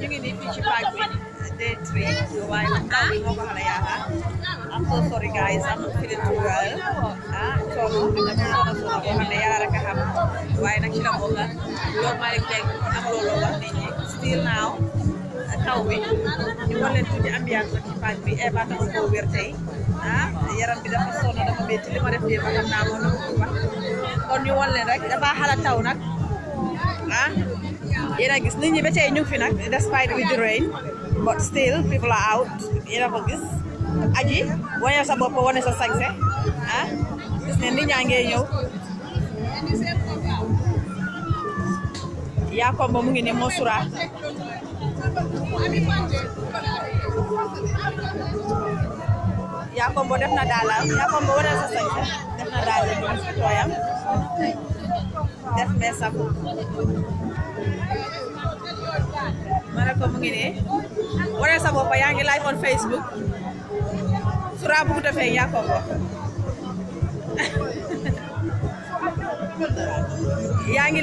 ñu ngi nii fii day train waaye nag taw bi moo so sorry guys am feeling to well ah coono dina ci soona soona boo xam ne yàlla rek a xam waaye nag still now taw bi ñu war leen tuuti ambiance ci paaj bi e ah yaram bi dafa soona dafa métti li ma def dee ba xam naa moo na ko wax ah yéen a gis ni ñi ba tey ñu fi nag despite with the rain but still people are out yéen a ko gis aji wane sa bopp wane sa sañse ah gis ne nit ñaa ngee ñëw yaa komba mu ngi ne moo Yakombo def na daalaam Yakombo wane sa sañ def na daal def meesam ma ne ko mu ngi sa bopp yaa ngi live on Facebook sura bugut a Yakombo yaa ngi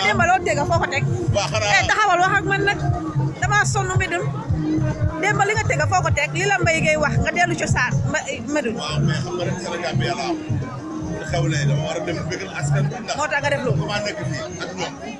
yow démb loo dégg foo ko teg. waaw xanaa eh, taxawal wax man nag damaa sonn Médoune démb li nga teg foo ko teg li la Mbaye wax nga dellu cosaan Médoune. waaw mais xam nga rek Sénégal bi a dem bëggal askan bi. moo tax nga def loolu. ak ñoom.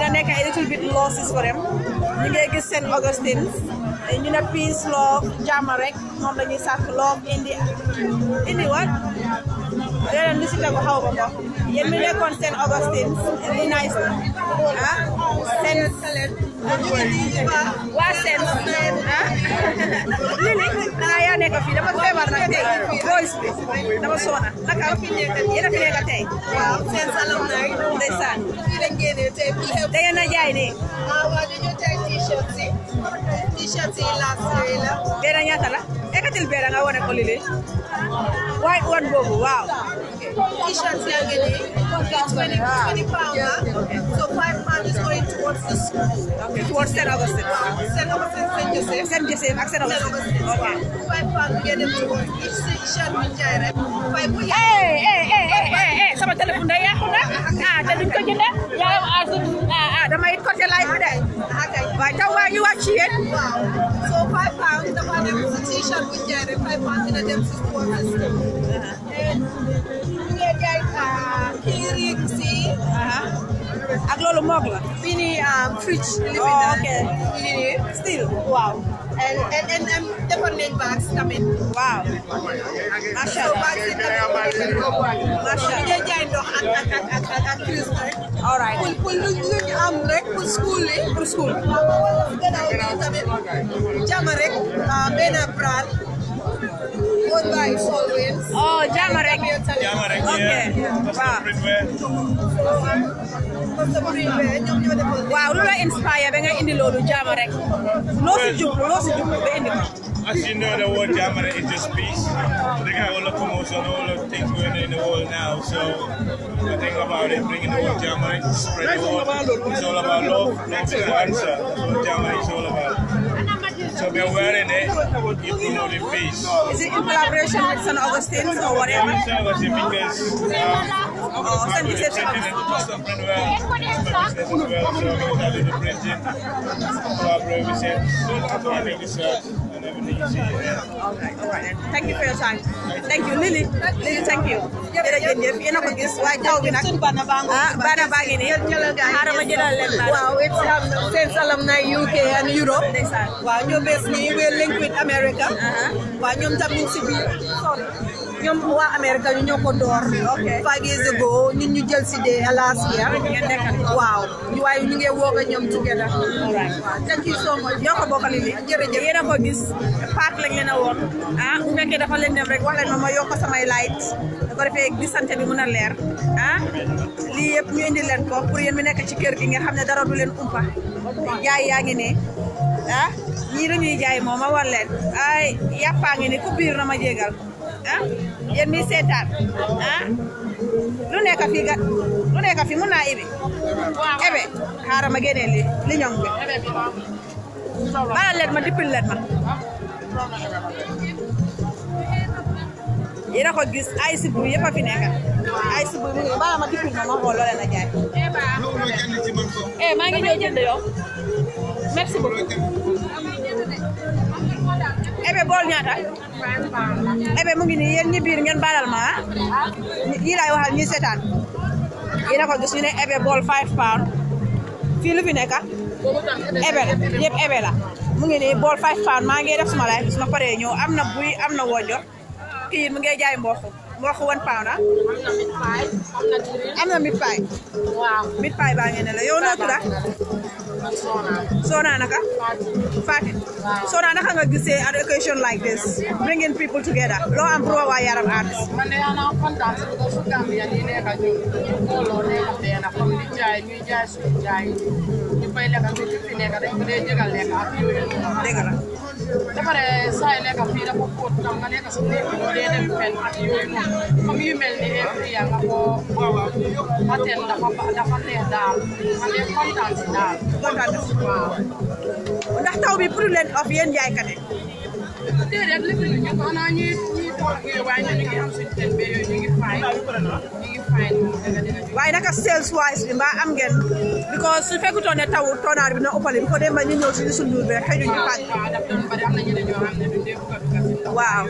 dina nekk a little bit losses for them ñu ngi gis Saint Augustine ñu ne peace love jàmm rek moom la ñuy love indi indi wat leneen lu si tegu xaw ma ko yéen mi nekkoon seen Augustine lu nice la wa sen ha seen ah da nga ya nekk fi dama febar nak tey boys bi dama soona naka yéen a fi nekk tey waaw seen salon nag ndeysaan da ngeen a jaay nii wa wa dañoo tay t-shirt ci t-shirt last way la. Beera ñaata la ekkatil beera nga wane ko lile waaye wan boobu waaw. T-shirt yaa ngi nii. Twenty pounds la. So five pounds towards the school. Okay, towards St. Augustine. St. Augustine, St. Joseph. St. Joseph St. Augustine. Okay. Five pounds nga dem towards Sean Five sama téléphone day yàqu na. Ah te duñ ko jënde. Yaa ah ah damay côté lay ko de. Okay. Waaye taw waa ñu wàcc So five pounds dafa dem si Sean Five pounds dina dem si towards the school. Uh-huh. And ñu ngi jaay kii ring si. ak loolu moog la. bii nii ah, fridge. li fi oh, naan lii nii still waaw. en en en defar nañ bags tamit. waaw. macha allah bags yi tamit ñu jaay ndox ak ak ak ak ak crisp rek. all right pour pour lu ñu am rek pour school yi. pour school. waaw wala gannaaw tamit jàmm rek ah, benn bras. Both vibes always. Oh, Jamarek. Jamarek, okay. yeah. Wow. you're inspired inspire ba nga indi loolu Jamarek No si jublu loo si jublu As you know, the word Jamarek is just peace. They got all the commotion, all the things going on in the world now. So the thing about it, bringing the word Jamarek, spread the word. It's all about love. That's the answer. That's what Jamarek is all about. So we're wearing it in the Is it in collaboration with St. Augustine's or whatever? St. Augustine because um, oh, St. printing so we're printing, with St alright then. thank you for your time thank you Lily Lily thank you jërëjëf yéen ah, a ko gis waaye taw it's um, since alumni UK and Europe Wow, you basically we link with America uh-huh. Wow, you're ñu ñoom waa Amérique ñu ñoo ko door. five years ñu jël si de last year. waaw waaye ñu ngi woo ñoom together. waaw thank you so much ko bokkal li jërëjëf yéen a ko gis paak lañ leen a woon ah bu fekkee dafa leen dem rek wax leen ma ma samay light da ko defee gisante bi mën a leer ah lii yëpp ñu indi leen ko pour yéen mi nekk ci kër gi nga xam ne dara du leen umpa jaay yaa ngi ne ah ñii dañuy jaay moom a war leen ay yàppaa ngi ne ku biir na ma jégal ah yéen mi seetaan ah lu nekk fi ga lu nekk fi mun naa ibi ebe xaaral ma génne li li ñoŋ bala leen ma dippil ma yéen a ko gis ay sibu yëpp a fi nekk ay sibu mi ngi bala ma dippil ma ma na jaay eh maa ngi ñëw jënd yow merci ebe bool ñaata ebe mu ngi ni yéen ñi biir ngeen baalal ma yi laay waxal ñi seetaan yéen a ko gis ñu ne ebe bool 5 pound fii lu fi nekk ebe la yëpp ebe la mu ngi nii bool 5 pound ma ngi def suma life suma paree ñëw am amna buy am wojjo mbokk yi mu ngi jaay mboq mboq one pound ah. am na mid pay waaw mid pay baa ngeen ne la yow noo tudd ah. Sona naka. Fatim Sona naka nga gisee education like this bringing people together loo am pour waa yaram arts. man de ana kontaan si parce que Gambia nii nekk a ñun ñu booloo nekk a benn comme di jaay ñuy jaay suñu jaay ñu fay lekk ak ñu fi nekk dañ ko dee jégal lekk ak yooyu. dëgg la. ba pare saa yi nekk fii dafa kóot tam nga nekk si néeg bi doo dee dem fenn ak yooyu noonu comme yu mel ni every yaa nga koo atteindre dafa dafa neex daal nga nekk kontaan si daal. kontaan si waaw. ndax taw bi pour leen of yéen jaaykat yi. déedéet li fi ñu xanaa ñuy. waaye naka sales wise bi mbaa am ngeen because su fekkutoon ne toonaar bi na ëppale bi ko dem ba ñu si Youssou Ndour bi rek xëy ñu paaj waaw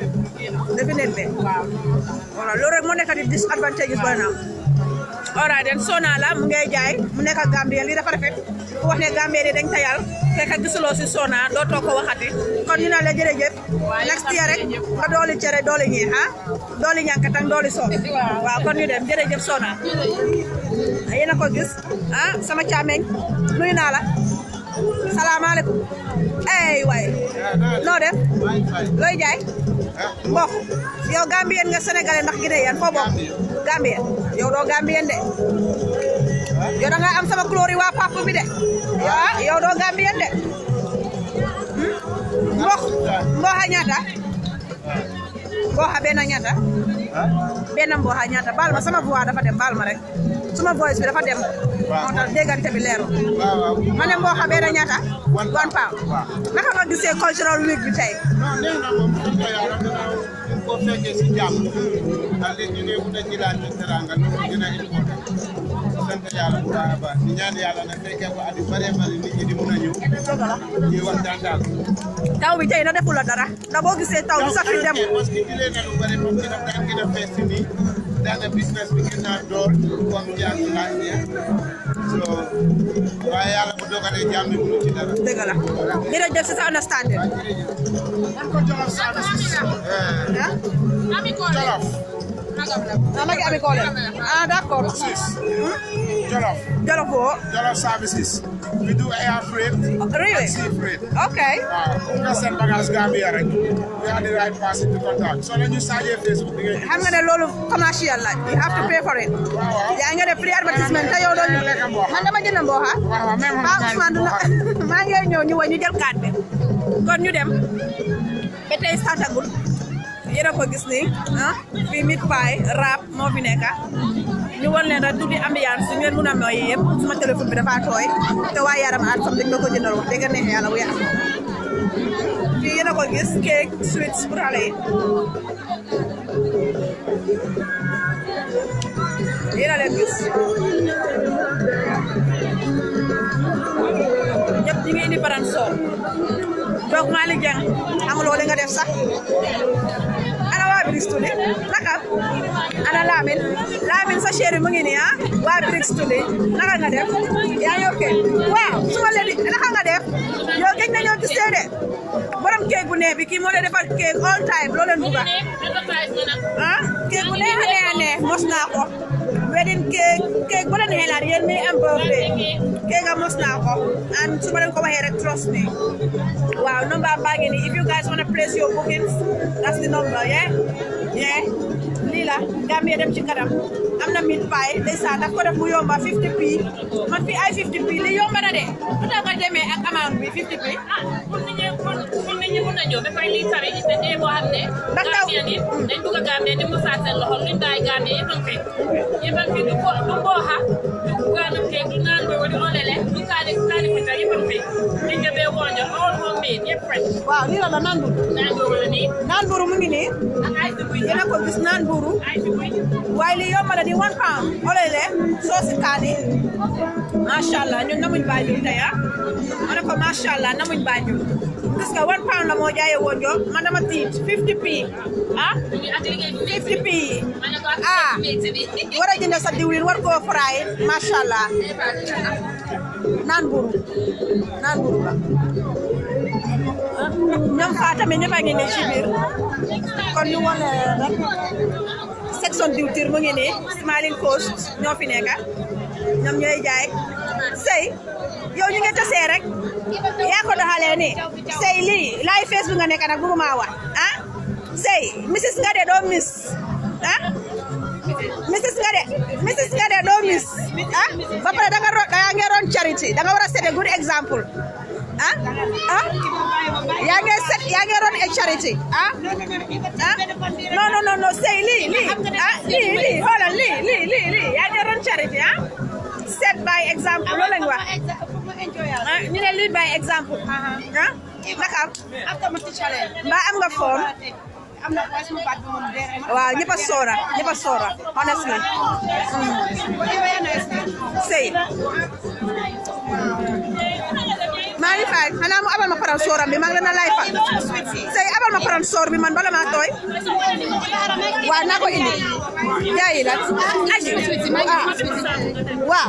definitely voilà loolu rek moo nekk di disadvantages bari na alright then Sona la mu ngay jaay mu nekk ak Gambien lii dafa rafet ku wax ne Gambien yi dañ tayal fekk gisuloo si Sona doo toog ko waxati kon ñu naan la jërëjëf next year rek nga dooli cere dooli ñi ah dooli ñankatang dooli soom waaw kon ñu dem jërëjëf Sona yéen a ko gis sama caameñ nuyu naa la salaamaaleykum ey way, lo def looy jaay mbokk yow gambien nga sénégalais ndax guinéen foo bokk gambien yow doo gambien de yow da nga am sama couleur wa waa pap bi de ah yow doo gambien de hmm? mbokk mbooxa ñaata mbooxa benn ñaata benn mbooxa ñaata baal ma sama voix dafa dem bal ma rek suma voice bi dafa dem. ma ne Mbokha beera ñaata. one pound waaw. na moom bu ko yàlla si jàmm. ndax léegi ñu bu dee ci laaj bi teranga loolu a baax di na fekkee ko at yu bëree bëri nit ñi di mun a taw bi tey na defula dara. ndax gisee taw bi sax fi dem. taw lu bëri moom dina daan gën a fees Dan business bikin ngeen naa door comme ya so bayar yàlla bu jam jàmm bi mënu ci Kita dëgg la jërëjëf si sa understanding man ko jolof sa Namanya Abi College. Ah, d'accord. Jollof. Jollof what? Jollof services. We do air freight. Really? sea freight. Okay. Uh, just send bagage Gambia, right? We are the right person to contact. So when you start your Facebook, you get I'm gonna lolo commercial, like, you have to pay for it. Wow, wow. Yeah, free advertisement. Tell you don't. Man, I'm gonna boha. Ha, man. Man, man, man, you know, you when you just card them. Kon ñu dem. Betay startagul yéen a ko gis ni ah fii mit paay rap moo fi nekk ñu won leen rek tuuti ambiance su ngeen mun a mooy yëpp suma téléphone bi dafa tooy te waa yaram aat sam dañ ko jëndal wax dégg neex yàlla wu fii yéen a ko gis cake sweets pour xale yi yéen a leen gis ñëpp ñi ngi indi paransoor toog Malick Dieng amuloo li nga def sax Brix Tuli naka ana Lamine Lamine sa chéri mu ngi nii ah? waa Brix Tuli naka nga def yaa ngi ok waaw naka nga def yow gëj nañoo borom keek bu bi kii moo leen defal keek all time loo leen bugg ah keek bu neex a neex a neex mos naa ko. wedding cake cake bu la neexee laal yéen mi am birthday cake a mos naa ko and su ma leen ko waxee rek trust me waaw number baa ngi nii if you guys want to place your bookings that's the number yeah yeah lii la Gambia dem ci kanam am na mille pay ndeysaan daf ko def mu yomba 50 p man fi ay 50 p li yomba na de lu tax nga demee ak amount bi 50 p nañoo ba pare liy fare gis nañ ne boo xam ne. ndax taw Gambien yi dañ bugg a Gambien di mos a seen loxo luñ daay Gambien yëpp a ngi fi. yëpp a ngi fi du ko du booxa du gaanam keeg du naan boobu du olele du kaani kaani pita yëpp a ngi fi. liñ nga bee wonjo all homemade yëpp fresh. waaw lii la la naan buru. naan buru la nii. naan buru mu ngi nii. ak ay si buy. yéen a ko gis naan buru. ay si buy. waaye li yomb na di one pound olele soosi kaani. macha allah ñun namuñ Banjul tey ah. ma ne ko macha allah namuñ Banjul gis nga one pound moo jaayee woon jo man tiit fifty p ah fifty p ah sa diwlin war koo fray macha allah buru naan buru la ñoom fa tamit ñëpp a ngi ne ci biir kon ñu wane rek section diwtir mu ngi nii Smiling Coast ñoo fi nekk ñoom ñooy jaay yow ñu ngi tassé rek yaa ko halé ni sey lii laay facebook nga nak bu ma wax ah sey Mrs ngade do miss ah Mrs ngade mrs ngade do miss ah ba pare da nga nggak da nga ron charity da nga wara sété good example ah ah ya nga set ya nga ron charity ah? ah No no no no, sey li li ah li li, hola, li li li li, yaa ngi ron charity ah set by example lo lañ wax enjoy yourself. lead by example. ah naka after ma teacher leen. mbaa am nga form. am na waaye sama honestly. Mm. mari ngi fay xanaa abal ma soram bi mang la na lay fa sey abal ma sor bi man bala ma toy wa naa ko indi jaayi la wa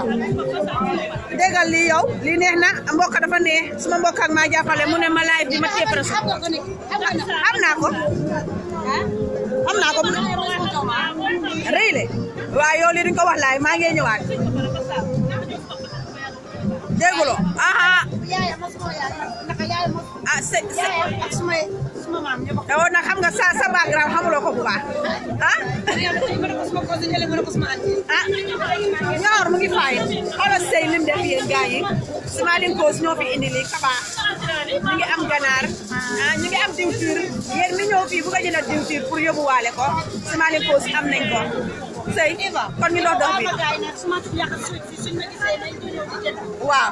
degal li yow li neex na mbokk dafa neex suma mbokk ak ma jàppale mune ma lay bi ma téye paransooram am naa ko amna ko reele wa waaw yow lii duñ ko wax laay maa ngi ñëwaat dégguloo ah c'est te woon na xam nga sa sa background xamuloo ko bu baax ah. ah ñor mu ngi fay xoolal sey lim def yéen gars yi Smiling Coast ñoo fi indi lii kaba ñu ngi am ganaar ah ñu ngi am diwtiir yéen mi ñëw fii bu ko jëndee diwtiir pour yóbbuwaale ko Smiling Coast am nañ ko. sëy kon ñu dox dox bi waaw.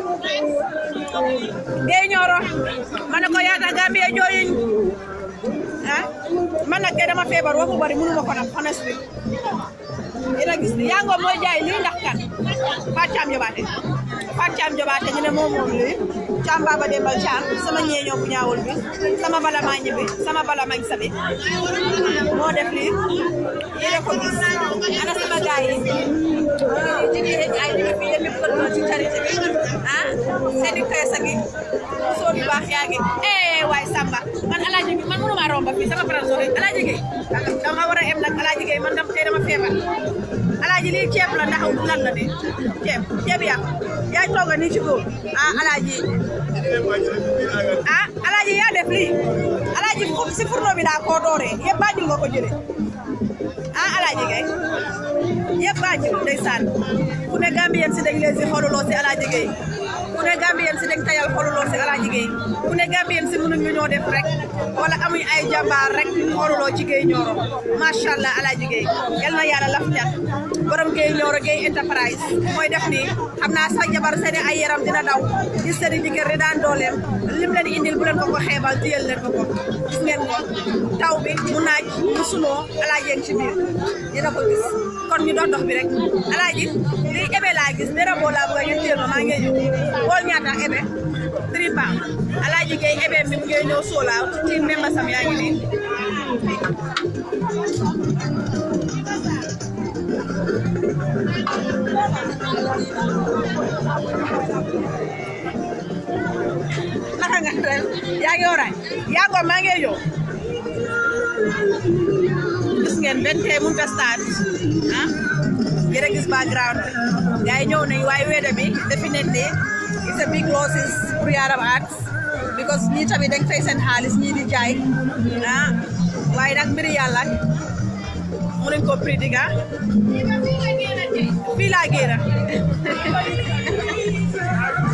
dee ñooro ma ne ko yaata Gambia jooyuñ ah, man nag tey dama feebar waxu bari mënu ma ko nag honestly yéen a gis ne mooy jaay lii ndax kan Fatou Thiam Fatou Thiam Jobaate ñu ne moom moom lii Thiam Baba Demba sama ñeeñoo bu ñaawul bi sama bala mañ sama bala mañ sa bi def lii yéene ko gis ana sama gaay yi jigéen ñi ay ñu fi ko ci charité bi ah seen i gi soo bi eh waay Samba man alaaji man mënuma romba fii sama parasol alaaji gi dama war em nag alaaji gi man dama tey dama feebar alaaji lii ceeb la ndax lan la de ceeb ceeb yàq yaay tooga nii ci góor ah alaaji ah alaaji yaa def lii alaaji si furno bi daa koo dooree yëpp bàjjul nga ko jëlee ah alaaji gay yëpp bàjjul ndeysaan ku ne gambien si dañ leen si xooluloo si alaaji gay ku ne gambien si dañ tayal xooluloo si alaaji gay ku ne gambien si mënuñu ñoo def rek wala amuñ ay jàmbaar rek xooluloo ci Gueye Nioro macha allah alaaji Gueye yal borom Gueye Nioro Gueye Enterprise mooy def nii xam naa sax ay yaram dina daw gis seen i jigéen di daan dooleem lim leen indil bu leen xeebal diyal leen ko ko gis taw bi mu naaj mu sunoo alaaji yéen ci biir dina ko gis kon ñu dox dox bi rek alaaji lii ebe laa ne raboo laa bëgg a ñu téel ma maa ngi bool ñaata ebe three pound Alaaji Gey ebem bi mu ngi ñëw soolaaw ci members am yaa ngi nii naka nga def yaa ngi oraay yaa ko maa ngi yow gis ngeen benn tey mun ta start ah yéen a gis background bi gars yi ñëw nañ waaye weeda bi definitely it's a big loss is Priyaram Arts because ñii tamit dañ fay di jaay ah waaye nag mbiri yàlla mu nañ ko prédiga fii laa génn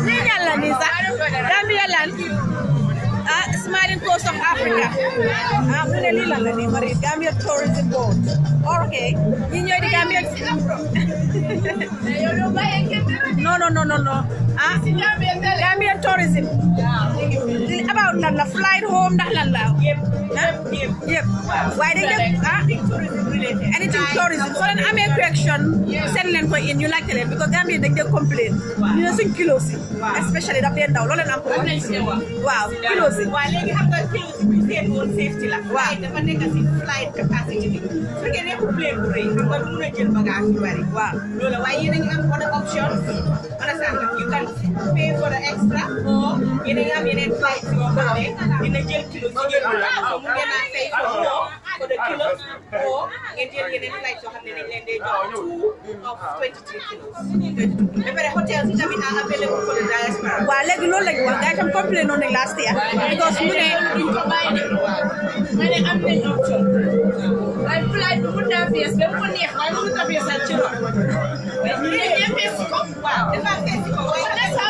lii ñàlla nii sax Gambia lan smiling coast of Africa ah mu ne lii lan la nii Marie Gambia Tourism Board ok ñi ñooy di Gambia No no no no no. ah Gambia Tourism about lan la flight home ndax lan la yëpp waaye dañ def ah anything tourism So then soo leen amee question send them for in You like leen because Gambia dañ get complain You know suñ kilosi. especially daf leen daw loolu leen am waaw kilo si léegi safety flight capacity bagage understand you can pay for the extra or flight for the kilos or Indian Union flights yoo xam ne dañ two of twenty three kilos. hotels are available for the diaspora. waaw léegi loolu lañ wax gars last year. because we're duñ ko bàyyi am the option. I fly to mun I fees ba mu ko a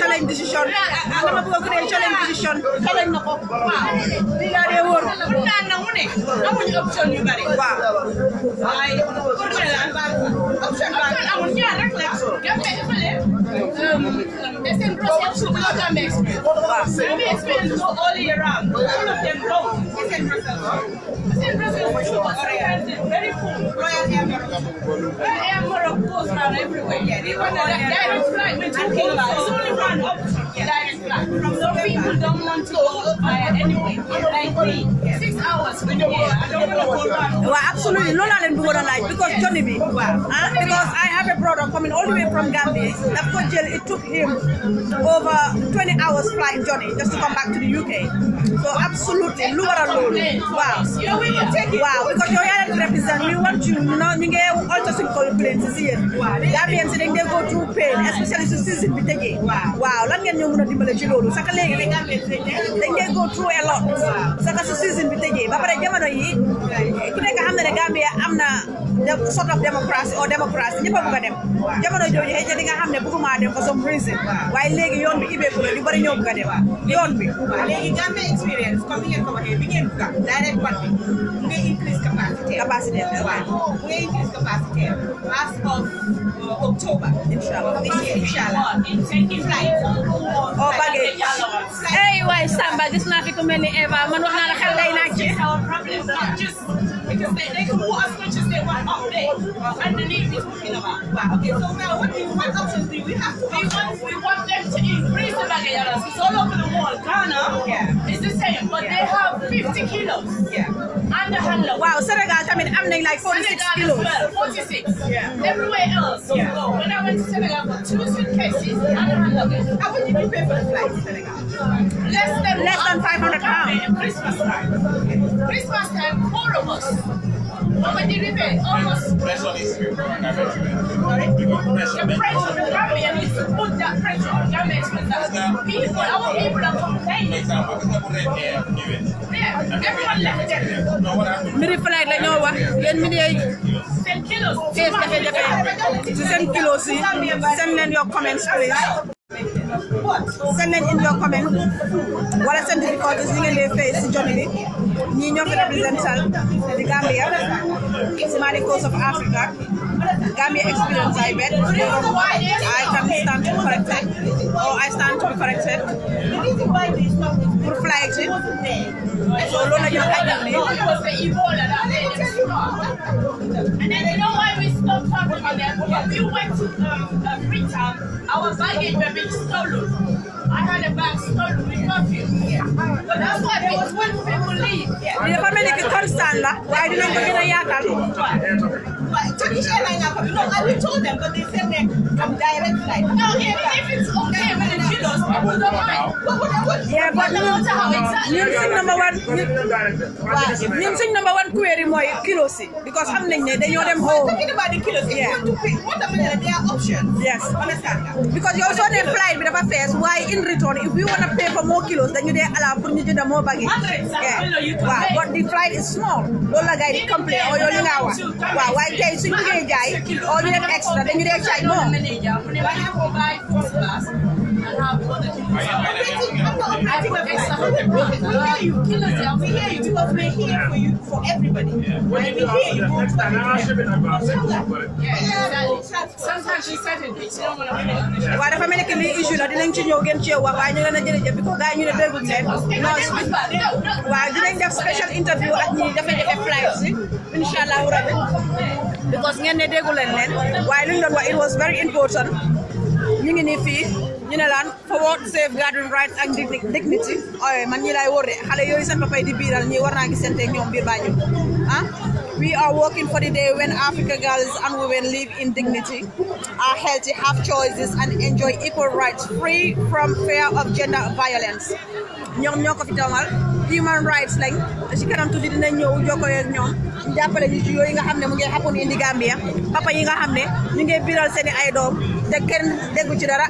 siya lang yung desisyon. Alam mo ko ne siya lang yung desisyon. Siya lang na ko. Hindi um, nga rin wor. Kung na na muna eh. Namun yung option yung bari. Wow. Ay, kung na lang ba? Option ba? Option amon niya rak lang. Gampe ko le. Um, SM Bros. Option ko lang gambe experience. Gambe experience all year round. All of them wrong us in Brussels. very full. Royal Air Morocco. Royal Air Morocco goes around everywhere. Yeah, they want that direct flight talking about. It's only one some people don't want to go uh, anyway. Like me, six hours you I don't want to go back. Well, absolutely. because Johnny B. Wow. because I have a brother coming all the way from Gambia. Of course, it took him over 20 hours flight, Johnny just to come back to the UK. So absolutely, Lugoda Lulu. Wow. Yeah, we will take it. Wow, because you're here to represent. We want you, you know, you get all just complaints is here. Wow. Gambians, they go through pain, especially to season. Wow. Wow. Wow. Wow. Wow. ci loolu saka léegi ne Gambie dañ dee go through a lot saka su season bi tëjee ba pare jamono yi ku nekk xam na ne Gambie am sort of democracy or democracy ñëpp a bëgg dem jamono jooju xëy di nga xam ne bëgguma dem for some reason waaye léegi yoon bi ibeeku la ñu bari ñoo bëgg a dem yoon bi léegi Gambie experience comme ni ngeen ko waxee bi ngeen bëgg direct part bi increase capacity. Capacity. waaw increase capacity. as of uh, October inshallah this year inshallah in taking flight. oh, nuggets. Hey ay waay Samba gis naa fi ku mel ni Eva man wax naa la xel day not just because they, they can walk as much as they want all there. Underneath we're talking about. Wow, okay, so now what, do, what options do we have? We want, we want them to increase the bagayaras. It's all over the world. Ghana yeah. is the same, but yeah. they have 50 kilos. Yeah. And a handler. Wow, Senegal, I mean, I'm mean, like 46 Senegal kilos. As well, 46. Yeah. Everywhere else yeah. go. When I went to Senegal, I got two suitcases and a handler. How would you pay for the to Senegal? less than, less than 500 pounds. Christmas time. Christmas time, four of us over the river, almost. Pressure is the pressure. The the government is to put that pressure on government people, our people are complaining. Yeah, everyone left them. Miri flag la ñoo wax yeen mi day sen kilos ci kilos send leen your comments please send nañ in your comment wala seen difficultés yi ngeen in fay face, jot bi ñii ñoo fi représental di Gambia the Mali Coast of Africa Gambia experience I bet I can stand to be corrected or I stand to be corrected pour fly it. so Lola, you're And then they know why we stop talking we went to um, uh, our baggage were being stolen. I had a bag stolen with curfew. But that's why there was one people leave. Yeah. The family could come stand. I didn't but Turkish Airlines now, you know, I we told them, but they said that from direct flight. No, even if it's okay with the Chilos, people don't mind. But what, what, yeah, but no matter how exactly. Ñun suñ number one, ñun suñ number one query mooy kilos yi because xam nañ ne dañoo dem home. Talking about the kilos, if you want to pay? what am I there are options. Yes. Understand Because you also need flight with the fares. Why in return, if you want to pay for more kilos, then you there allow for you to do more baggage. Yeah. Wow. But the flight is small. Don't Lola guy complain or your lingawa. Wow. Why Okay, tey suñ bëggee jaay or you def extra Then you you you. I I I'm to buy have think We here, here, here we're for dañu dee jaay non. here, dafa mel ni que lii issue la dinañ ci ñëw gën cee wax waaye ñu leen a jërëjëf bi ko gars yi ñu ne déglu leen waaw dinañ def special interview ak ñi jafe-jafe flight si incha allah rabi because ngeen ne déggu leen leen waaye lu ñu doon wax it was very important ñu ngi nii fii ñu ne laan forward safeguarding rights and dignity ooy man ñi lay wóor de xale yooyu seen papay di biiral ñi war naa gisante ak ñoom biir Banjul ah we are working for the day when Africa girls and women live in dignity are healthy have choices and enjoy equal rights free from fear of gender violence ñoom ñoo ko fi tawal human rights lañ si kanam tuuti dinañ ñëw jokkoo ak ñoom ñu jàppale ñu ci yooyu nga xam ne mu ngi xapoon indi Gambia papa yi nga xam ne ñu ngi biral seen ay doom te kenn déggu ci dara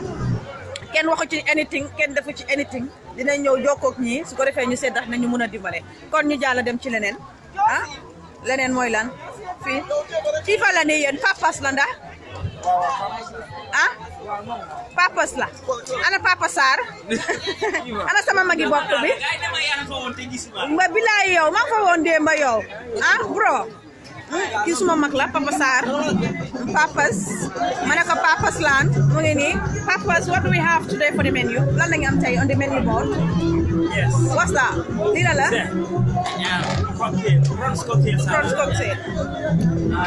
kenn waxu ci anything kenn defu ci anything dinañ ñëw jokkook ñii su ko defee ñu seddax nañu mën a dimbale kon ñu jàll dem ci leneen ah? leneen mooy lan fii fii fa la nii yéen papas la ndax ah Papa la ana Papa ana sama magi bopp bi mba bilaay yow maa fa woon démb yow ah bro kii suma mag la Papa Sarr Papas ma Papas Land mu ngi nii Papas what do we have today for the menu lan la ñu am tey on the menu board. yes what's that lii la yeah prawns cocktail. prawns cocktail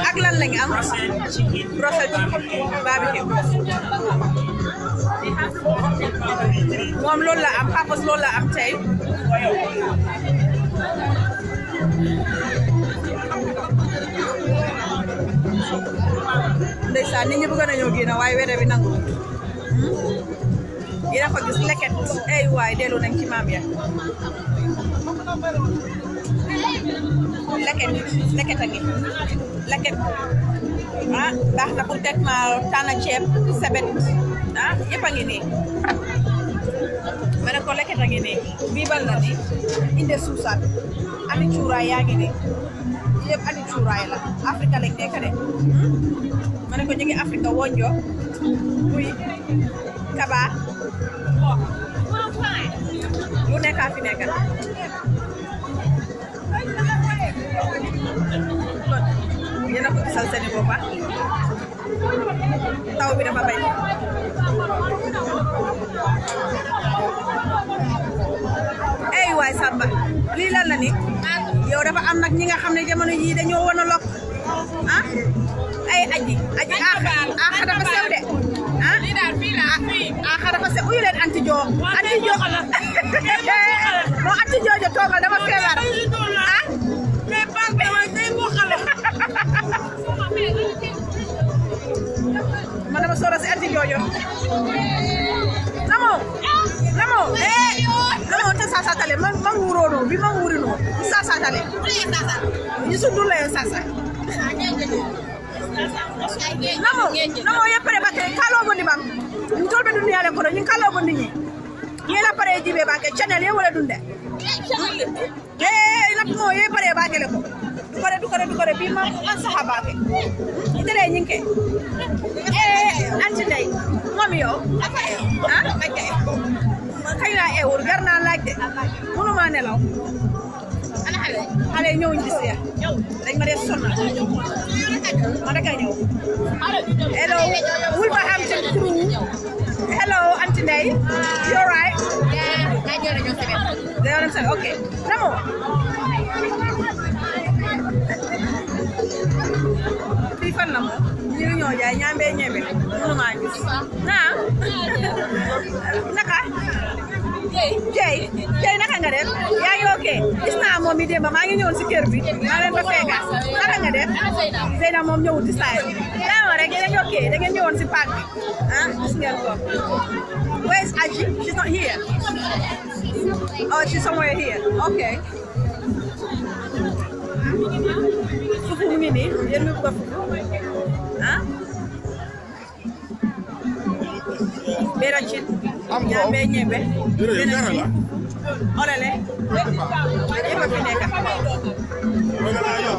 ak lan la ñu am. brossel chicken barbecue. moom loolu la am Papas loolu la am tey. ndeysaan nit ñi bëgg nañoo génn waaye wér bi nangu yéen ko gis leket ay waay dellu nañ ci maam ya leket leket leket ah baax na pour teg ma tànn ceeb sebet ah yëpp ngi nii ma ko leket a ngi nii biibal na ni inde ani ngi yëpp ani cuuraay la Afrika lañ de hmm? ma ne ko jóge africa wonjo muy kaba lu nekkaa fi nekk yéen ko gisal seen boppa taw bi dafa bañ ey waay Samba lii lan la ni yow dafa am nak ñi nga xamne jamono yi dañu wan lok ah ay aji aji aax dafa sew de ah li dar fi fi la aax dafa sew uyu len anti joo anti joo mo anti joo jo togal dama feebar ah ma dama soora si anti joo jo namo namo eh sasa sasatale man man wurono bi man wurino sasatale yisundula yo sasa namo namo ye pare bate kalo bondi bam ntolbe duniya le kono nyin kalo bondi nyi ye la pare jibe ba ke channel ye wala dunde ye la mo ye pare ba ke le ko kore du kore bi ma man sahaba ke itere nyin ke eh anti dai mom yo ha xëyna ewul eh, gar naa laajte mënuma nelaw ana xale xale ñëw ñu gis ya dañ ma dee sonal ma rek a hello Wolverhampton crew hello Aunty Ndeye ah. you alright they are saying okay namo fii fan la ñu ngi ñoo jaay ñambe ñebe mënuma gis naam naka jey jey naka nga def yaa ngi ok gis naa moom yi démba maa ngi ñëwoon si kër bi maa leen ba fekka naka nga def zeyna moom ñëwul di saay daanoo rek yéen ngi da ngeen ñëwoon si parc ah gis ngeen ko where is Aji she's not here oh she's somewhere here okay Fufu mini, dia kwa fufu. Ha? Bera ci ya beñe be. Dire dara la. Ora le. E ma fine ka. Ora la yo.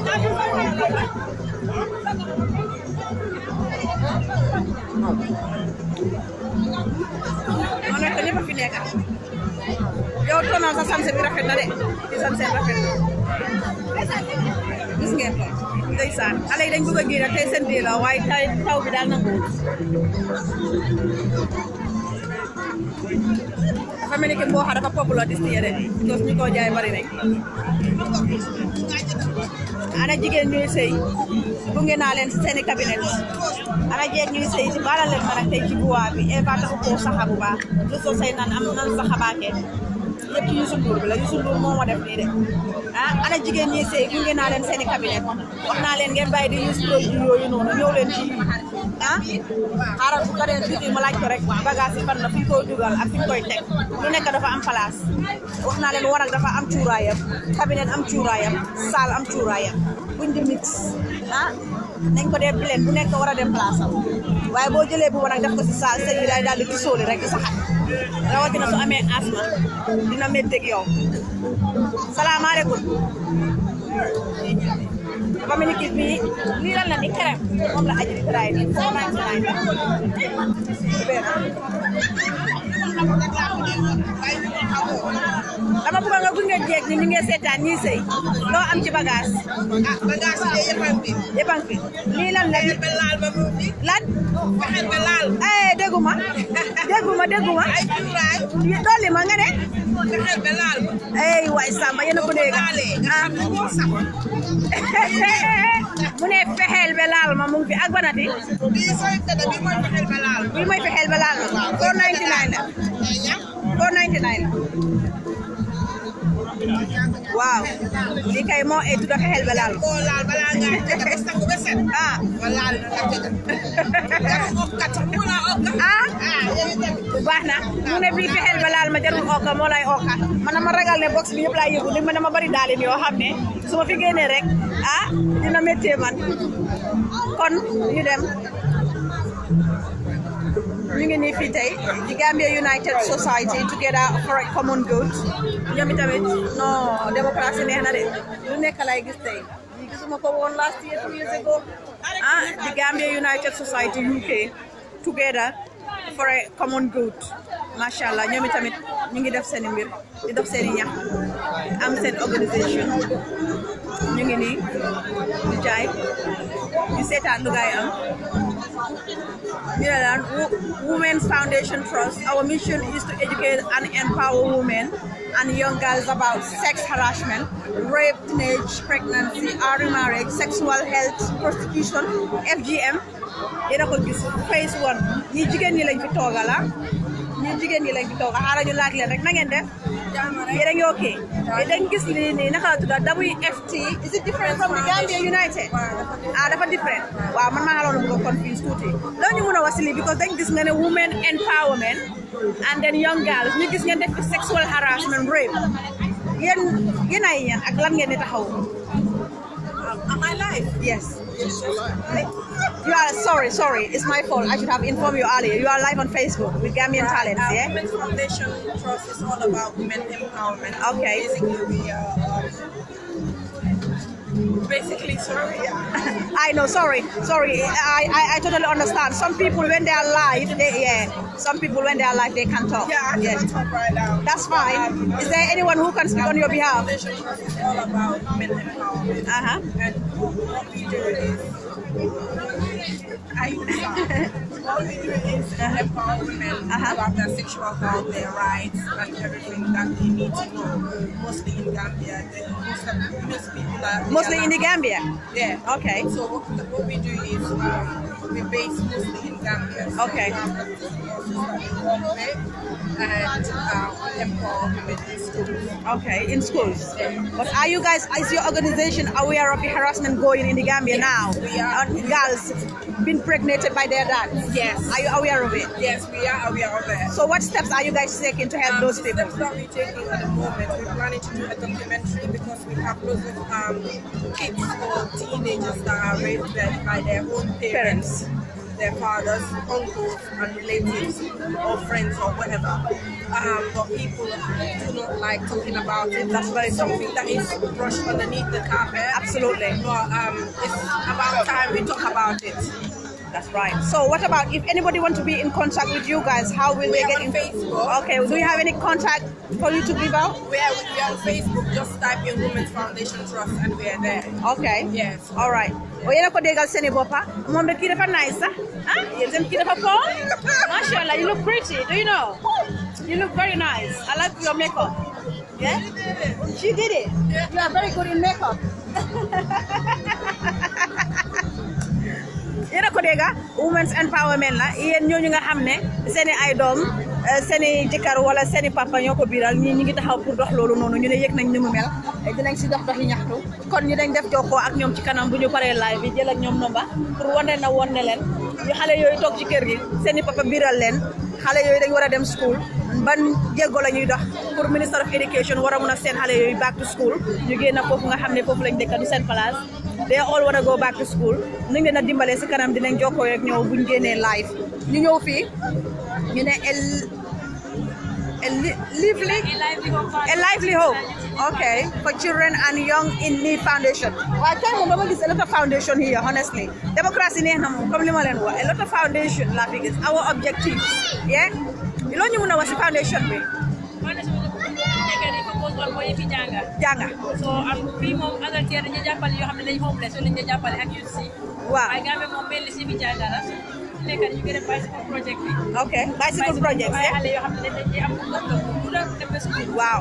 Ora ko ñepp fi nekk. Yow tonal sa sanse bi rafet na de. Ci sanse rafet na. Gis ngeen ko. ndeysaan xale yi dañ bëgg a génn tey la waaye tay taw bi daal nanguwul dafa mel ni que mbooxa dafa populaire di siyee rek tos ko jaay bari nañ ana jigéen ñuy sëy bunge naa leen seeni cabinet ana jeeg ñuy sëy si leen ma nag tey ci buwaa taxu koo saxa bu baax lu soo am nan saxa baakee yëpp ci Youssou Ndour bi def nii de ah ana jigéen ñi gunge naa leen seen i cabinet wax naa leen ngeen bàyyi di use produit yooyu noonu ñëw leen ci ah xaaral bu ko dee tuuti ma laaj rek bagage fan la fi ñu koy ak fi ñu koy teg lu dafa am place wax naa leen waral dafa am cuuraayam cabinet am cuuraayam saal am cuuraayam buñ mix ah nañ ko dee blend bu nekk war dem place waaye boo jëlee bu ma nag def ko si saal sëñ daal di ci rawatina su amee asma dina métteeg yow salaamaaleykum dafa mel ni kii bii lii lan la ni moom la aji di traay nii moom lañ traay nii nga jeeg setan ñu ngi lo ñi sëy bagas am ci bagage ah bagage yi yëppan bi yëppan bi lii lan la ba laal ba lan fexeel ba laal eh dégguma dégguma dégguma ay cuuraay dolli ma nga ne fexeel ba laal ma ay waay samba yéen a ko dégg ah mu ne fexeel ba laal ma mu fi ak banati bii sooy tëdd bii mooy fexeel ba laal ma bii mooy fexeel laal 499 499 waaw li moo ay tudd ak ba laal. koo ah. ah. Ah, baax na mu ne bii xel ba laal ma jarul okk moo lay okk man ma ragal ne box bi yëpp laa yëgu li ma dama bari daalin yoo xam ne su ma fi génnee rek ah dina méttee man kon ñu dem. ñu ngi nii fii tey di Gambia United Society together for a common good ñoom itamit non démocratie neex na de lu nekk lay gis tey gisuma ko woon last year two years ago ah di together for a common good macha allah ñoom itamit ñu ngi def seen mbir di def seen i am seen organisation ñu ngi nii di jaay di seetaan lu gaay am. Women's Foundation Trust, our mission is to educate and empower women and young girls about sex harassment, rape, teenage pregnancy, early marriage, sexual health, prostitution, FGM. yéen phase one ñun jigéen ñi lañ fi toog xaara ah, ñu laaj leen rek na ngeen def yéen a ngi ok dañ gis lii nii naka la tudda WFT is it different from the Gambia United ah dafa different waaw man maa loolu bëgg confuse tuuti loo ñu mën a wasili because dañ gis nga ne women empowerment and then young girls ñu gis ngeen def sexual harassment rape yéen yéen ay ñan ak lan ngeen di taxaw my life yes You are sorry, sorry. It's my fault. I should have informed you earlier. You are live on Facebook with Gambian right. Talents, uh, yeah. Women's Foundation Trust is all about women empowerment. Okay. Basically, we are. Um, Basically, sorry. Yeah. I know, sorry, sorry. I, I, I, totally understand. Some people, when they are alive, they, yeah. Some people, when they are alive, they can talk. Yeah, I talk right now. That's fine. Um, is there anyone who can speak on your behalf? all about Uh huh. And what we do is I all we do is empower women uh their sexual health, their rights, and everything that they need to know. Mostly in Gambia, most of, people are mostly in the Gambia. Yeah. Okay. So what, what we do is. Um, we're based mostly in Gambia. So okay. And um, schools. Okay, in schools. But are you guys, is your organization aware of the harassment going in the Gambia yes, now? We are. girls being pregnant by their dads? Yes. Are you aware of it? Yes, we are aware of it. So what steps are you guys taking to help um, those people? steps that we're taking at the moment, we're planning to do a documentary because we have lots of um, kids or teenagers that are raised by their own parents. parents their fathers, uncles, and relatives, or friends, or whatever. Um, but people do not like talking about it. That's why it's something that is brushed underneath the carpet. Absolutely. But um, it's about time we talk about it. That's right. So, what about if anybody want to be in contact with you guys? How will we they get in? Facebook. Okay. Do you have any contact for you to give out? We are, we are on Facebook. Just type your Women's Foundation Trust, and we are there. Okay. Yes. All right o yéen a ko déggal seen i boppa nice ¿ah? ¿Ah? you look pretty do you know you look very nice I like your makeup yeah she did it you are very good in makeup yéen a ko dégg ah? women's empowerment la yéen ñooñu nga xam ne seen ay doom euh, seen i jëkkër wala seen i papa ñoo ko biiral ñii ñu ngi taxaw pour dox loolu noonu ñu ne yëg nañ ni mel dinañ si dox dox yi ñaxtu kon ñu dañ def jokkoo ak ñoom ci kanam bu ñu paree live bi jël ak ñoom nomba pour wane na won ne leen xale yooyu toog ci kër gi seen i papa biiral leen xale yooyu dañ war a dem school ban jéego la ñuy dox pour minister of education war a mun a seen xale yooyu back to school nga xam ne foofu lañ dëkk du seen place they all want to go back to school ñu ngi leen a dimbalee si kanam dinañ jokkoo rek ñëw buñ génnee live ñu ñëw fii ñu ne el el lively a lively hope okay for children and young in need foundation waaye tey moom dama there's a lot of foundation here honestly democracy neex na moom a lot of foundation Laughing is our objective yeah loolu ñu mun a wax si foundation bi kon waaw waaye a bicycle project bi ok bicycle project waaye xale ne dañ di am gëm-gëm bu la demee school waaw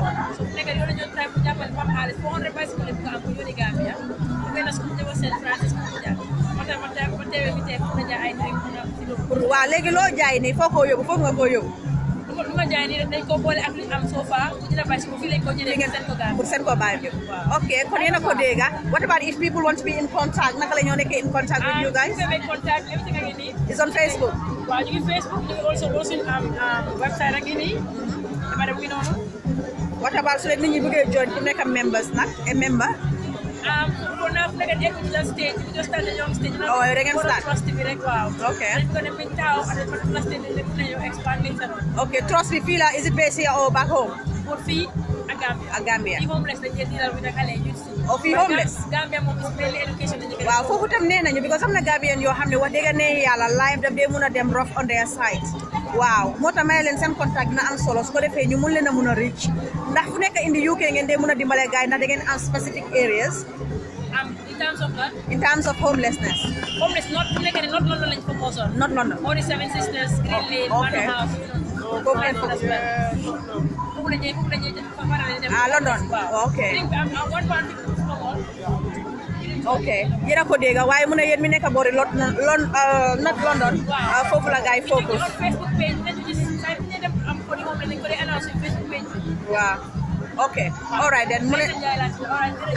lu ma jaay nii dañ ko boole ak lu am sofa bu ñu la bàyyi bu fi lañ ko jëlee pour seen ko ok kon yéen a ko ah. what about if people want to be in contact naka la ñoo nekkee in contact with you guys ah, contact everything a ngi nii Facebook am website what about su leen nit ñi bëggee join ku nekk members nag et eh, member um, grown up nag egg stage ñu just start the young stage oh da ngeen start trust bi rek waaw okay dañ ko ne min ada fa la stage ne expand okay trust me, Fila, is it based here or back home for fee, a Gambia a Gambia fii homeless dañ leen diral with xale you. ci oh fii homeless Gambia moom is mainly education dañu waaw foofu tam nee nañu because am na Gambian yoo xam ne wax dëgg ne yàlla live daf dee mun a dem rough on their side Wow, moo tax may leen seen contact na am solo su ko defee ñu mun leen a mun a reach ndax fu nekk indi UK ngeen dee mun a dimbale na ndax da ngeen am specific areas. Um, in terms of what? In terms of homelessness. Homeless, not not London, lañ focus on. Not London. Only Seven Sisters, Green Lane, oh, okay. House. So, go and focus. Ah, London. Wow, okay. I think um, London one ok yéen a ko waaye mu ne yéen mi nekk boori lot not euh, London euh, foofu la gars yi focus waaw ok all then mu ne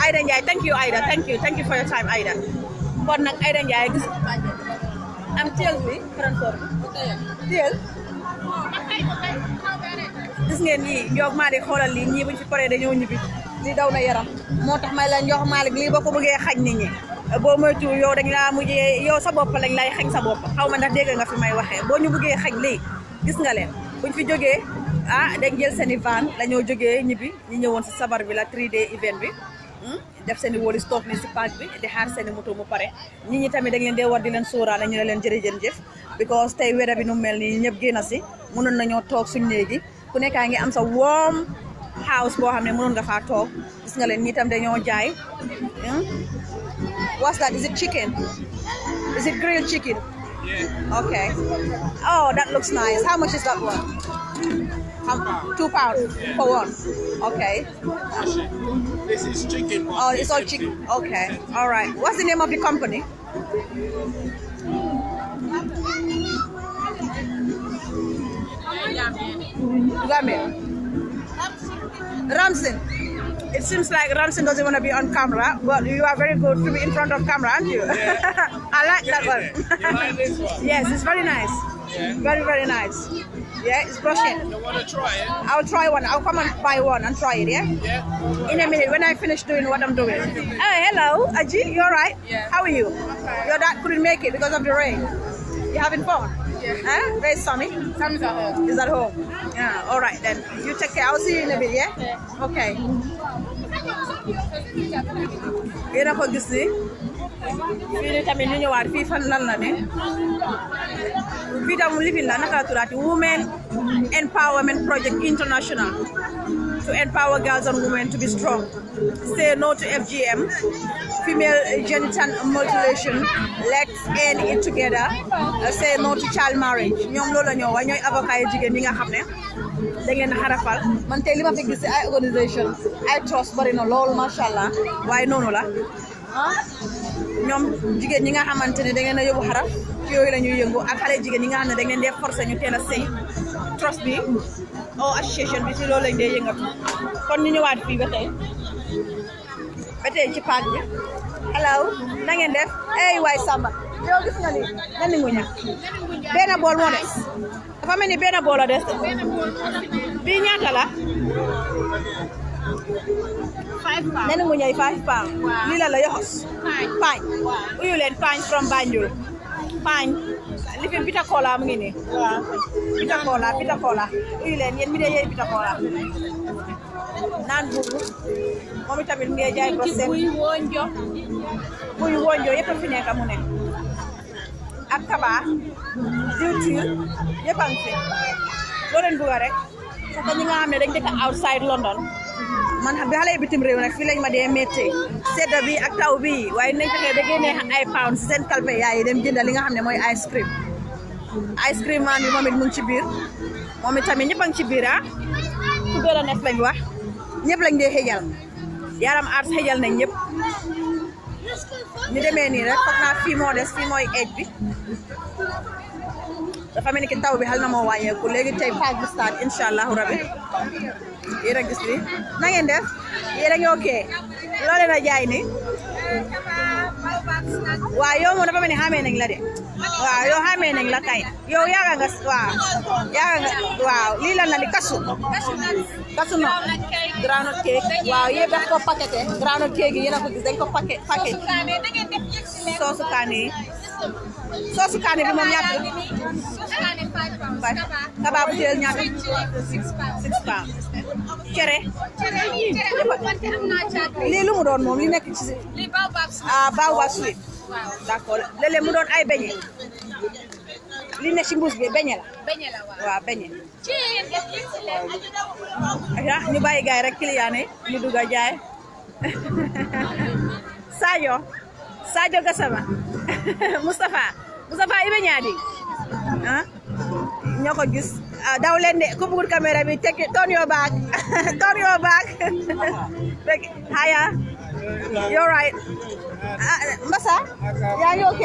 Aida thank you Aida thank you thank you for your time Aida kon nag Aida Ndiaye gis am teel bi transport teel gis ngeen nii Ndiog Malick xoolal lii ñii buñ fi paree dañoo ñibbi lii daw na yaram moo tax may la Ndiog Malick lii boo ko bëggee xañ nit ñi boo moytu yow dañ laa mujjee yow sa bopp lañ lay xañ sa bopp xaw ma ndax dégg nga fi may waxee boo ñu bëggee xañ lii gis nga leen buñ fi jógee ah dañ jël seen i van dañoo jógee ñibbi ñi ñëwoon si sabar bi la 3D event bi hmm? def seen i wóolis toog ni si paak bi di xaar seen i moto mu pare nit ñi tamit dañ leen dee war di leen sóoraale ñu ne leen jëf because tey weda bi nu mel nii ñëpp génn si mënoon nañoo toog suñ néegi ku nekk ngi am sa warm house boo xam ne mënoon nga faa toog gis nga leen ñi tam dañoo jaay hmm? what's that is it chicken is it grilled chicken yeah okay oh that looks nice how much is that one two pounds for one okay this is chicken oh it's all chicken okay all right what's the name of the company Ramsen. Ramsin. It seems like Ramsen doesn't want to be on camera, but you are very good to be in front of camera, aren't you? Yeah. I like that one. you like this one? Yes, it's very nice. Yeah. Very, very nice. Yeah, it's brushing. You want to try it? I'll try one. I'll come and buy one and try it, yeah? Yeah. In a minute, when I finish doing what I'm doing. Oh, hello, Aji, you all right? Yeah. How are you? fine. Your dad couldn't make it because of the rain. You having fun? Yeah. Huh? Where's Sammy? Sammy's at home. Is at home? Yeah. All right then. You take care. I'll see you in a bit, yeah? Okay. Here I go, fii nii tamit ñu ñëwaat fii women empowerment project international to empower girls and women to be strong say no to FGM female genital mutilation let's end it together uh, say no to child marriage ñoom loolu la ñoo wax ñooy avocat yi jigéen ñi la ñom jigen ñi nga xamante da ngeen a yóbbu xaraf ci yoy lañuy yëngu ak xalé jigen ñi nga xamne da ngeen dé forcer ñu teel sey trust bi oh association bi ci lool lañ dé yëngatu kon ñu ñëwaat fi ba tey ba tey ci park bi hello na ngeen def ay way samba yow gis nga ni nan ni nguña benn bool mo des dafa mel ni benn dess a des bi ñaata la five pounds. Nenu five Wow. Lila la fine. Fine. Wow. uyu len fine from Banjul fine. li pita cola kola mu Wow. Pita cola, pita cola. uyu len yen mi dee pita cola. Nan buru. buubu moom itamit mu ngi jaay ko buy wonjo buy wonjo yëpp fi nekk mu ne ak kaba diwtiir yëpp a ngi fi loo leen bëgg rek parce que ñi nga dañ outside London man bi xale yi bitim réew na fii lañ ma dee métti sedd bi ak taw bi waaye nañ fexe ba génnee ay pound si seen kalpe yaay dem jënd li nga xam ne mooy ice cream ice cream man bi moom it ci biir moom it tamit ñëpp a ngi ci biir ah su doon nekk lañ wax ñëpp lañ dee xëjal yaram aar xëjal nañ ñëpp ñu demee nii rek foog naa fii moo des mooy eej bi dafa mel ni taw bi xal na moo wàññeeku léegi tey page bi start incha allahu rabi gis ni na ngeen def yéen ngi ok loo leen jaay ni waaw yow moom dafa mel ni nañ la de waaw yow xamee nañ la kay yow yaaga nga waaw yaaga nga waaw lii lan la ni kasu kasu no groundnut cake waaw yéen daf ko paqueté groundnut cake yi yéen ko gis dañ ko paquet paquet soosu kaani soosu kaane bi moom ñaata kaba butéel six pounds cere lii lu mu doon moom li nekk ci ah baobab sweet d'accord léeg mu doon ay beñe li ne ci mbuus bi beñe la waaw beñe ya ñu bàyyi gaay rek client yi ñu dugg jaay Moustapha Ibe Niadi ah gis ah, daw leen de ku bëggul bi tekki turn your back turn your back haya you're right ah, Mbassa yaa ngi ok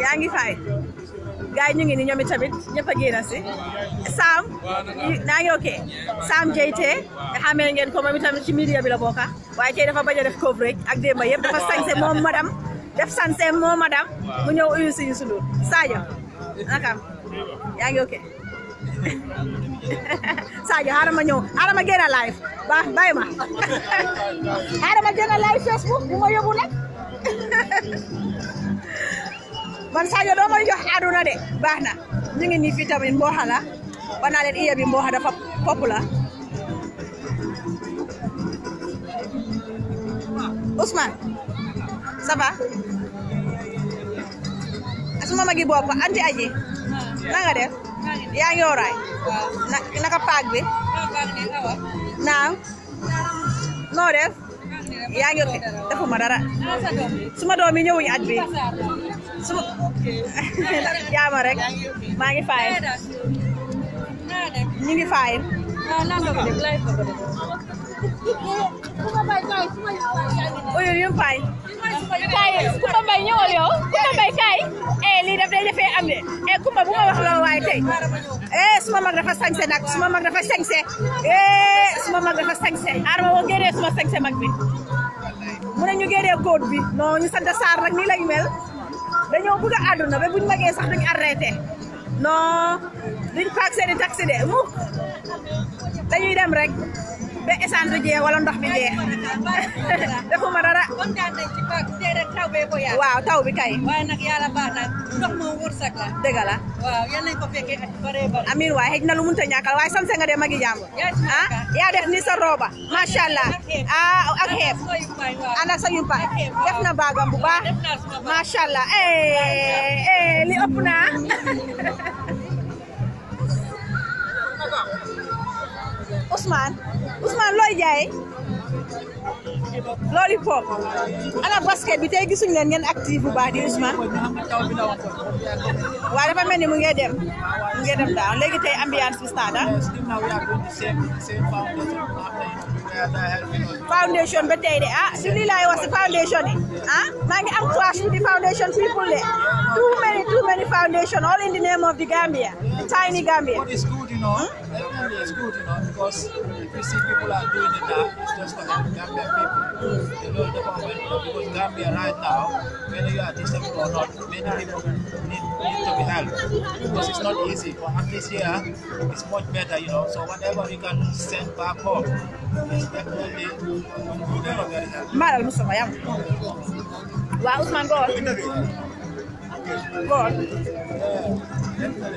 yaa ngi fay gaay ñu ngi ni ñoom tamit ñëpp a génn si naa ngi ok Sam Jeyte nga xamee ngeen ko moom itamit ci media bi la waaye tey dafa bañ a def coverage ak démba yëpp dafa sañse moom madame def sanseem mo madam mu ñew uyu suñu Youssou Ndour Sadio nakam yaa ngi oké Sadio xaaral ma ñëw xaaral ma génn live ba bayima ma xaaral ma génn live Facebook bu ma yóbbu nak man Sadio do may jox aduna de baxna na ñu ngi ni fi tamit mbooxa la ba naa leen iya bi mbooxa dafa popula Ousmane ça va ah, suma magi bopp anti aji ah. na def yaa ngi oraay naka paag bi ah, naam noo def yaa ngi defuma dara suma doom yi ñëwuñu at bi suma yaama rek maa ngi faay ñu ngi faay Oyou Mbaye kaay Kumba Mbaye ñëwal yow Kumba Mbaye kaay eh lii daf lay defee am de eh Kumba bu ma wax la waaye tey eh suma mag dafa sañse nag suma mag dafa sañse eh suma mag dafa sañse arma woo génnee suma sañse mag bi mu ne ñu génnee góor bi non ñu sant Sarr nag nii lañ mel dañoo bëgg a àdduna ba buñ magee sax duñ arrêté non duñ paak seeni taxi de mu dañuy dem rek Eh, ba essence ya. bi jeex wala ndox bi jeex defuma dara kontaan nañ ci paak déedéet taw bee ko yaa waaw taw bi kay waaye nag yàlla baax na ndox moom wërsëg la dëgg la waaw yal nañ ko fekkee bare bare amin waaye xëj na lu munta ñàkkal waaye samse nga de magi jàmbur ya, ah Ya def ni sa rooba macha allah ya, ah ak xeeb ànd ak sa yumpaay def na baagam bu baax macha allah eh eh li ëpp naa Ousmane Ousmane looy jaay loolu pop ana basket bi tey gisuñu leen ngeen active bu baax di Ousmane waaw dafa mu ngi dem mu ngi dem daaw léegi tey ambiance bi stade ah? foundation ba tey de ah si lii laay wax si foundation yi ah maa ngi am clash with the foundation people de too many too many foundation all in the name of the Gambia tiny Gambia. Hmm? It's is good, you know, because if you see people are doing it now, it's just for help Gambia people. You know, the government, you know, because Gambia right now, whether you are disabled or not, many people need, need to be helped because it's not easy. But at least here, it's much better, you know. So whatever we can send back home, it's definitely going to be very helpful. Mara Mustafa, yeah. Wow, Usman, go. But uh,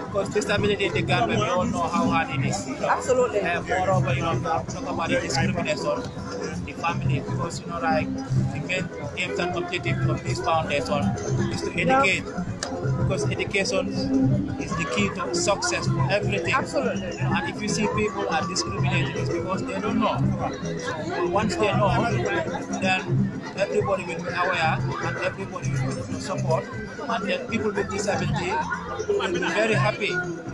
because disability in the Gambia, we all know how hard it is. Absolutely. And uh, moreover, you know, talk about the discrimination, the family, because you know, like the main aims and objective of this foundation is to educate. because education is the key to success for everything. Absolutely. You know, and if you see people are discriminated, it's because they don't know. So once they know, then everybody will be aware and everybody will support and then people with disability will be very happy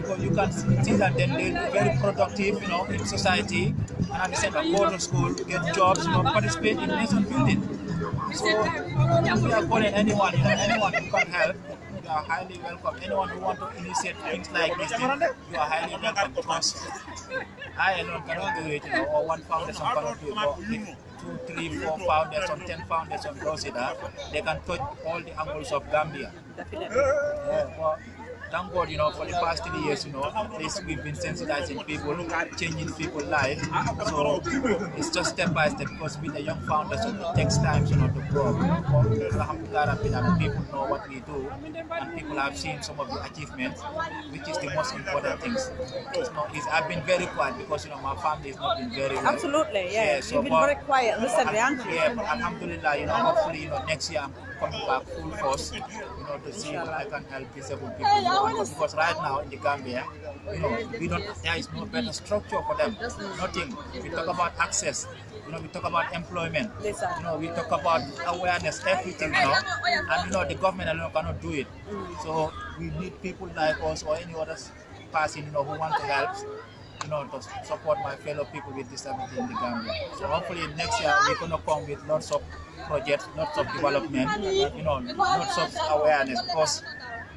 because you can see that they are very productive, you know, in society and at the same time go to school, get jobs, you know, participate in nation building. So we are calling anyone, you know, anyone who can help. You are highly welcome. Anyone who wants to initiate things like this, you are highly welcome because I alone cannot do it, you know, or one foundation cannot do it two, three, four pounds, some ten pounders, some gross they can touch all the angles of Gambia. Definitely. Yeah, thank God, you know, for the past three years, you know, at least we've been sensitizing people, changing people's life. So it's just step by step because with the young founders, it takes time, you know, to grow. Alhamdulillah, people know what we do and people have seen some of the achievements, which is the most important things. It's not, it's, I've been very quiet because, you know, my family has not been very... Absolutely, yeah. yeah so, You've been but, very quiet, Listen, Yeah, but Alhamdulillah, you know, hopefully, you know, next year come back full force, you know, to see if I can help disabled people more. Because right now in the Gambia, you know, we don't, there is no better structure for them. Nothing. We talk about access. You know, we talk about employment. You know, we talk about awareness, everything now. And you know, the government alone cannot do it. So we need people like us or any other person, you know, who want to help you know, to support my fellow people with disability in the Gambia. So hopefully next year we're going to come with lots of projects, lots of development, you know, lots of awareness. Because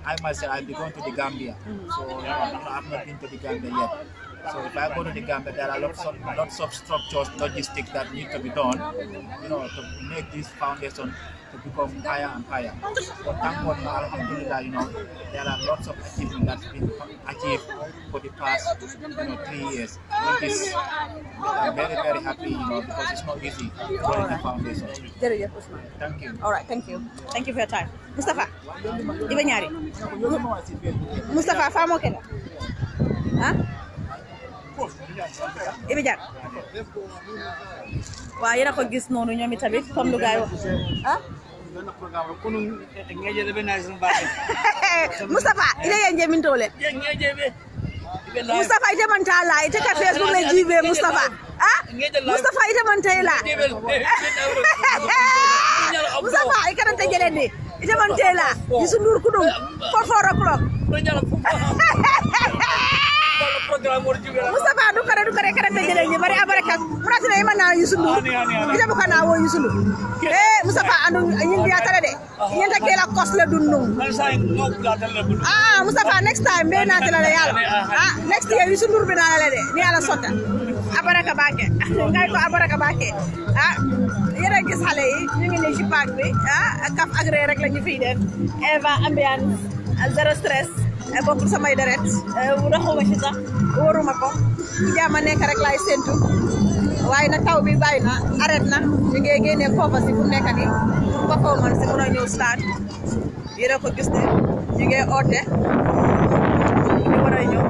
I myself, I'll be going to the Gambia, so you know, I've not been to the Gambia yet. So if I go to the Gambia, there are lots of lots of structures, logistics that need to be done, you know, to make this foundation to become higher and higher. But thank God, Alhamdulillah, you know, there are lots of achievements that's been achieved for the past you know, three years. Which is I'm very, very happy, you know, because it's not easy for the foundation. Thank you. All right, thank you. Thank you for your time. Mustafa, iba nyari. Mustafa, famo kena. Huh? Ibi jaar waaw yéen a ko gis noonu ñoom itamit comme lu gaay wax ah Mustafa ile yenje min Mustafa ite man tala ite ka Facebook le jibe Mustafa ah Mustafa ite man tela Mustafa ite kan tejele ni ite man tela disundur kudum 4 4 o'clock Mustafa du kare du kare kare de jere Mari bari kak murati na imana nah, yusundu kita bukan awo yusundu eh Mustafa andu nyin di atas ada. nyin ta kela kos le dundu ah Mustafa next time be na tele yalla ah next year yusundu be na le de ni ala sota abara ka bake ngay ko abara ka ah yere gis xale yi ñu ngi ni ah kaf ak lagi lañu fi Eva ambian, ah, zero stress Euh, bokkul samay deret euh, raxuma ci sax waruma ko ci jaama rek laay séntu waaye nag taw bi bàyyi na arrêté na ñu ngi génnee koofa si fu si mën a ñëw stade yéen ko gis ne ñu ngi oote ñu war a ñëw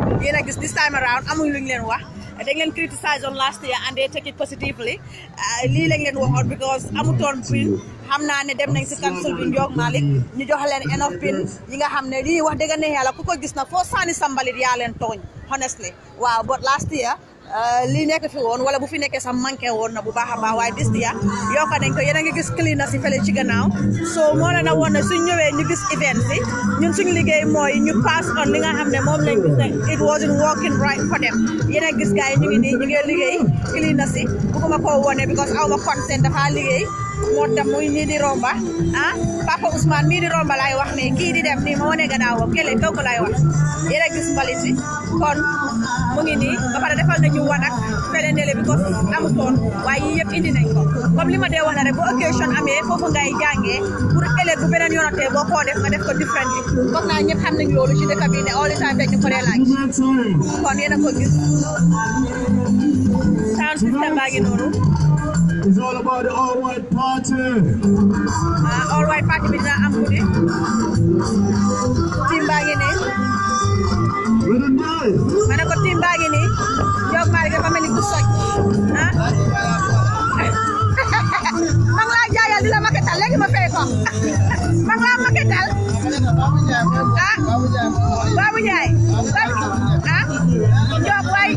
gis this time around amuñ luñ leen wax dañ leen criticise on last year and they take it positively ah, lii lañ leen waxoon because amutoon pin xam naa ne dem nañ si council bi Ndiog Malick ñu jox leen enough pin yi nga xam ne lii wax dëgg ne yàlla ku ko gis na foo sànni sa mbalit leen tooñ honestly wow but last year Euh, li nekk fi woon wala bu fi nekkee sax manqué woon na bu baax a baax waaye dis dia yokka nañ ko yéen a gis clean na si fële ci gannaaw so moo leen a woon ne suñ ñëwee ñu gis event si ñun si liggéey mooy ñu pass on li nga xam ne moom lañ gis ne it wasn't working right for them yéen a gis gars yi nii ngi liggéey clean na si bëgguma koo wone because awma consent dafa liggéey moo tam muy ñii di romba ah papa Ousmane mii di romba lay wax ne kii di dem nii moo ne gannaawam kële kaw ko lay wax yéen a gis mbalit kon mu ngi nii ba pare defal nañu wanak fële ndele bi ko amutoon waaye yii yëpp indi nañ ko comme li ma dee wax na rek bu occasion amee foofu ngay jàngee pour ëllëg bu beneen yoonatee boo koo def def ko different bi foog naa ñëpp xam nañ loolu ci dëkk bi ne all the time ko dee laaj ko gis sound system baa ngi noonu It's all about the All White Party. Uh, all White Party bisa ambu deh. Timbang ini. Mana kok timbang ini? Jom mari kita pamit ikut sok. Hah? Mang la Bawa dila Bawa legi Bawa fay Bawa Mang Bawa maketal. Ah. Bawa jaya. Bawa ah. jaya. Bawa jaya. Bawa way.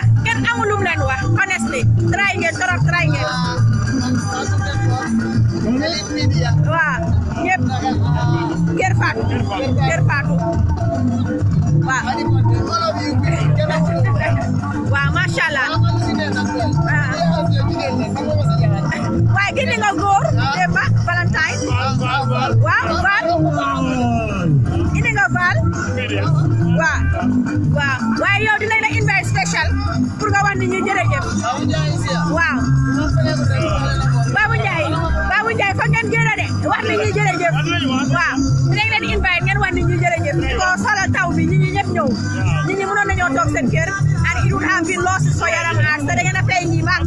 amul lu mu leen wax honestly try ngeen trop try ngeen waaw ñëpp Kër Fatou Kër Fatou waaw waaw macha allah waaye gis nga góor démba Valentine waaw Val gis nga Val waaw waaw waaye yow dinañ waxoon nit ñi jërëjëf waaw Babou Ndiaye Babou Ndiaye fa ngeen gën a de wax nit ñi jërëjëf waaw dinañ leen invite ngeen wax nit ñi jërëjëf ko solo taw bi nit ñi ñëpp ñëw nit ñi mënoon nañoo toog seen kër and it would have been lost so yaram aar te da ngeen a fay ñii maag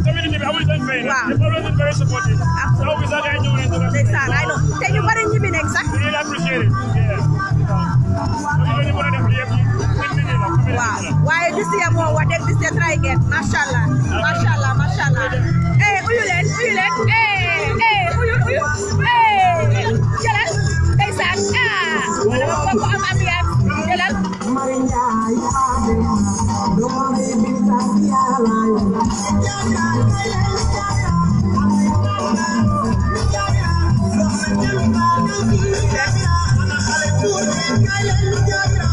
waaw this year try again? mashallah mashallah mashallah eh huyu len huyu len eh eh huyu huyu eh jalan kaisan ah ada pokok sama jalan Jangan lupa like, share,